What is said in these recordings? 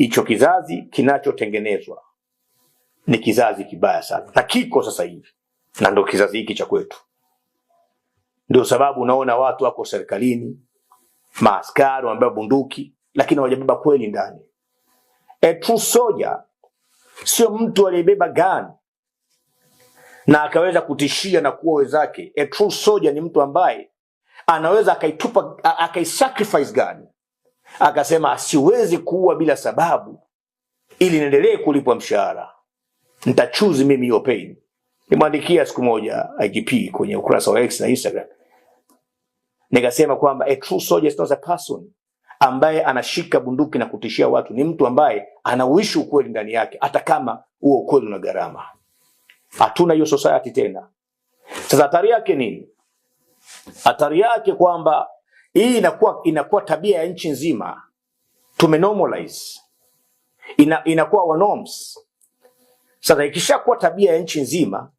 hicho kizazi kinachotengenezwa ni kizazi kibaya sana, na kiko sasa hivi, na ndo kizazi hiki cha kwetu. Ndio sababu unaona watu wako serikalini, maaskari wamebeba bunduki, lakini hawajabeba kweli ndani. A true soldier sio mtu aliyebeba gani na akaweza kutishia na kuua wenzake. A true soldier ni mtu ambaye anaweza akaitupa akaisacrifice gani akasema siwezi kuua bila sababu ili niendelee kulipwa mshahara, nitachuzi mimi hiyo pain. Nimwandikia siku moja IGP kwenye ukurasa wa X na Instagram, nikasema kwamba a true soldier is not a person ambaye anashika bunduki na kutishia watu, ni mtu ambaye anauishi ukweli ndani yake, hata kama huo ukweli una gharama. Hatuna hiyo society tena. Sasa hatari yake nini? Hatari yake kwamba hii inakuwa inakuwa tabia ya nchi nzima, tumenormalize ina, inakuwa wa norms. Sasa ikishakuwa tabia ya nchi nzima,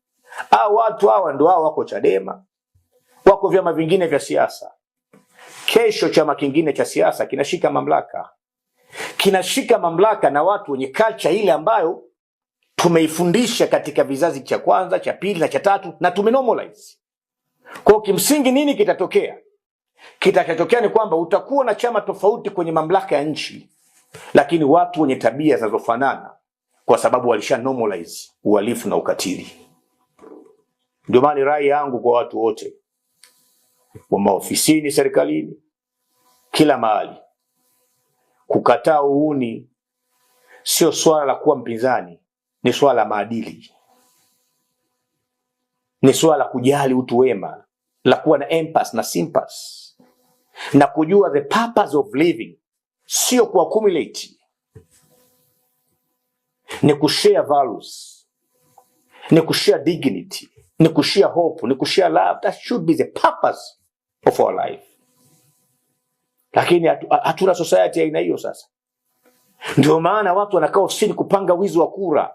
au watu hawa ndio hao wako Chadema, wako vyama vingine vya siasa. Kesho chama kingine cha siasa kinashika mamlaka, kinashika mamlaka na watu wenye culture ile ambayo tumeifundisha katika vizazi cha kwanza, cha pili na cha tatu, na tumenormalize. Kwa kimsingi, nini kitatokea? kitakachotokea ni kwamba utakuwa na chama tofauti kwenye mamlaka ya nchi, lakini watu wenye tabia zinazofanana, kwa sababu walisha normalize uhalifu na ukatili. Ndio maana rai yangu kwa watu wote wa maofisini, serikalini, kila mahali, kukataa uuni sio swala la kuwa mpinzani, ni swala la maadili, ni swala la kujali utu wema, la kuwa na empathy na sympathy na kujua the purpose of living, sio accumulate, ni kushare values, ni kushare dignity, ni kushare hope, ni kushare love. That should be the purpose of our life, lakini hatuna society aina hiyo sasa. Ndio maana watu wanakaa ofisini kupanga wizi wa kura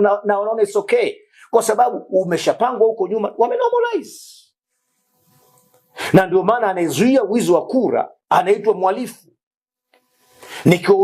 na wanaona it's okay, kwa sababu umeshapangwa huko nyuma, wamenormalize na ndio maana anayezuia wizi wa kura anaitwa mhalifu. Nikiwauliza